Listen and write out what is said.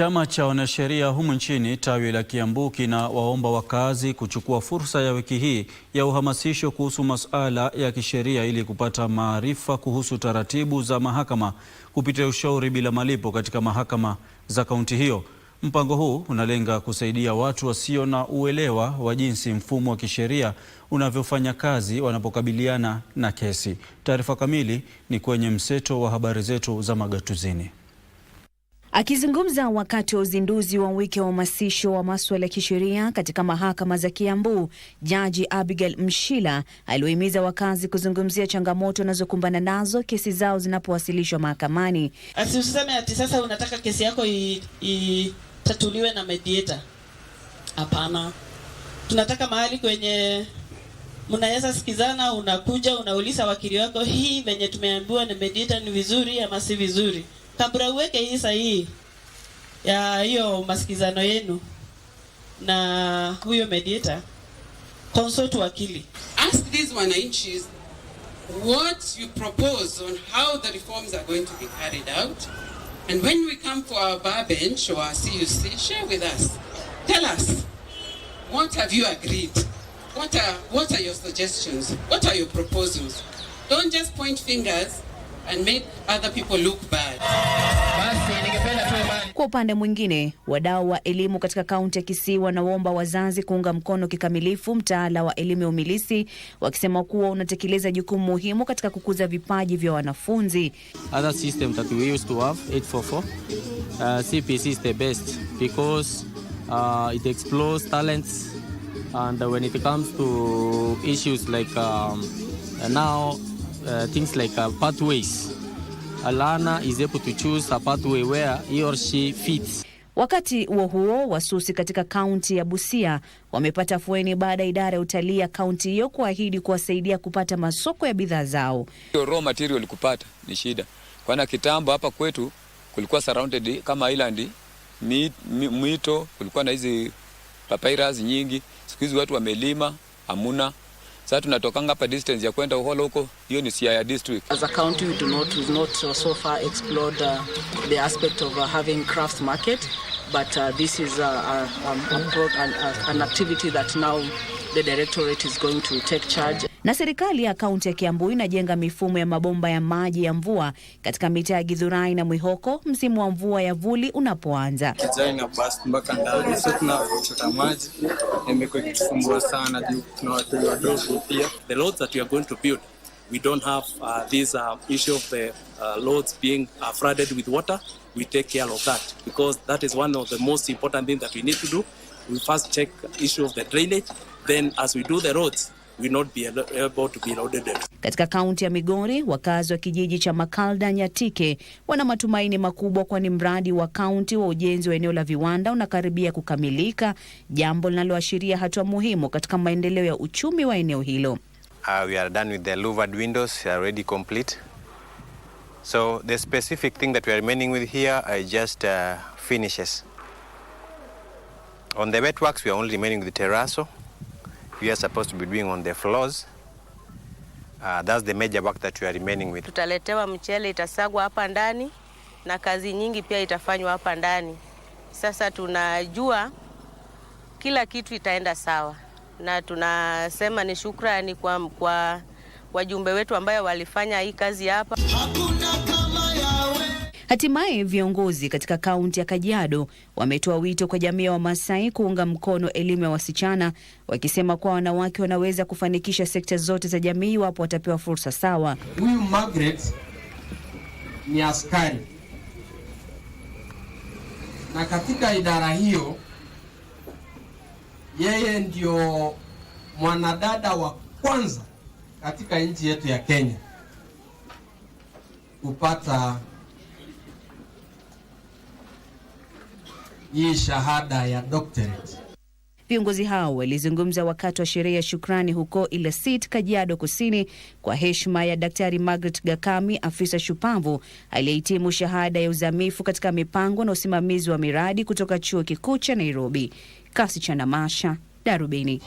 Chama cha wanasheria humu nchini tawi la Kiambu kina waomba wakazi kuchukua fursa ya wiki hii ya uhamasisho kuhusu masuala ya kisheria ili kupata maarifa kuhusu taratibu za mahakama kupitia ushauri bila malipo katika mahakama za kaunti hiyo. Mpango huu unalenga kusaidia watu wasio na uelewa wa jinsi mfumo wa kisheria unavyofanya kazi wanapokabiliana na kesi. Taarifa kamili ni kwenye mseto wa habari zetu za magatuzini. Akizungumza wakati wa uzinduzi wa wiki wa uhamasisho wa maswala ya kisheria katika mahakama za Kiambu, Jaji Abigail Mshila aliwahimiza wakazi kuzungumzia changamoto wanazokumbana nazo kesi zao zinapowasilishwa mahakamani. Asiuseme ati sasa unataka kesi yako itatuliwe na mediator. Hapana, tunataka mahali kwenye mnaweza sikizana, unakuja unauliza wakili wako, hii venye tumeambiwa na mediator ni vizuri ama si vizuri? Kambura, uweke hii sahihi ya hiyo masikizano yenu na huyo mediator consult wakili. Ask these wananchis what you propose on how the reforms are going to be carried out and when we come for our bar bench or our CUC share with us tell us what have you agreed what are what are your suggestions what are your proposals don't just point fingers and make other people look bad. Kwa upande mwingine, wadau wa elimu katika kaunti ya Kisii wanaomba wazazi kuunga mkono kikamilifu mtaala wa elimu ya umilisi, wakisema kuwa unatekeleza jukumu muhimu katika kukuza vipaji vya wanafunzi. Uh, things like uh, pathways. A learner is able to choose a pathway where he or she fits. Wakati huo huo, wasusi katika kaunti ya Busia wamepata fueni baada ya idara ya utalii ya kaunti hiyo kuahidi kuwasaidia kupata masoko ya bidhaa zao. Hiyo raw material kupata ni shida, kwana kitambo hapa kwetu kulikuwa surrounded kama island mi, mi, mito, kulikuwa na hizi papyrus nyingi. Siku hizi watu wamelima, hamuna sasa tunatokanga hapa distance ya kwenda Uhola huko, hiyo ni Siaya district. As a county we do not, we've not uh, so far explored uh, the aspect of uh, having crafts market but uh, this is uh, a, a, a, an activity that now the directorate is going to take charge. Na serikali ya kaunti ya Kiambu inajenga mifumo ya mabomba ya maji ya mvua katika mitaa ya Githurai na Mwihoko msimu wa mvua ya vuli unapoanza. Kijani na basi mpaka ndani, sio tunachota maji, imekuwa ikitusumbua sana juu tuna watu wadogo pia. The roads that we are going to build we don't have uh, this uh, issue of the uh, loads being uh, flooded with water. We take care of that because that is one of the most important things that we need to do. We first check issue of the drainage, then as we do the roads, we not be able to be loaded. Katika kaunti ya Migori, wakazi wa kijiji cha Makalda Nyatike wana matumaini makubwa kwani mradi wa kaunti wa ujenzi wa eneo la viwanda unakaribia kukamilika, jambo linaloashiria hatua muhimu katika maendeleo ya uchumi wa eneo hilo. Uh, we are done with the louvered windows, already complete. So the specific thing that we are remaining with here are just uh, finishes. On the wet works, we are only remaining with the terrazzo. We are supposed to be doing on the floors. Uh, that's the major work that we are remaining with. Tutaletewa mchele itasagwa hapa ndani na kazi nyingi pia itafanywa hapa ndani. Sasa tunajua kila kitu itaenda sawa na tunasema ni shukrani kwa, kwa wajumbe wetu ambayo walifanya hii kazi hapa. Hatimaye viongozi katika kaunti ya Kajiado wametoa wito kwa jamii ya Wamasai kuunga mkono elimu ya wasichana, wakisema kuwa wanawake wanaweza kufanikisha sekta zote za jamii iwapo watapewa fursa sawa. Huyu Margaret ni askari na katika idara hiyo yeye ndio mwanadada wa kwanza katika nchi yetu ya Kenya kupata hii shahada ya doctorate. Viongozi hao walizungumza wakati wa sherehe ya shukrani huko Ilesit, Kajiado Kusini, kwa heshima ya Daktari Margaret Gakami, afisa shupavu aliyehitimu shahada ya uzamifu katika mipango na usimamizi wa miradi kutoka chuo kikuu cha Nairobi. Kasi cha Namasha, Darubini.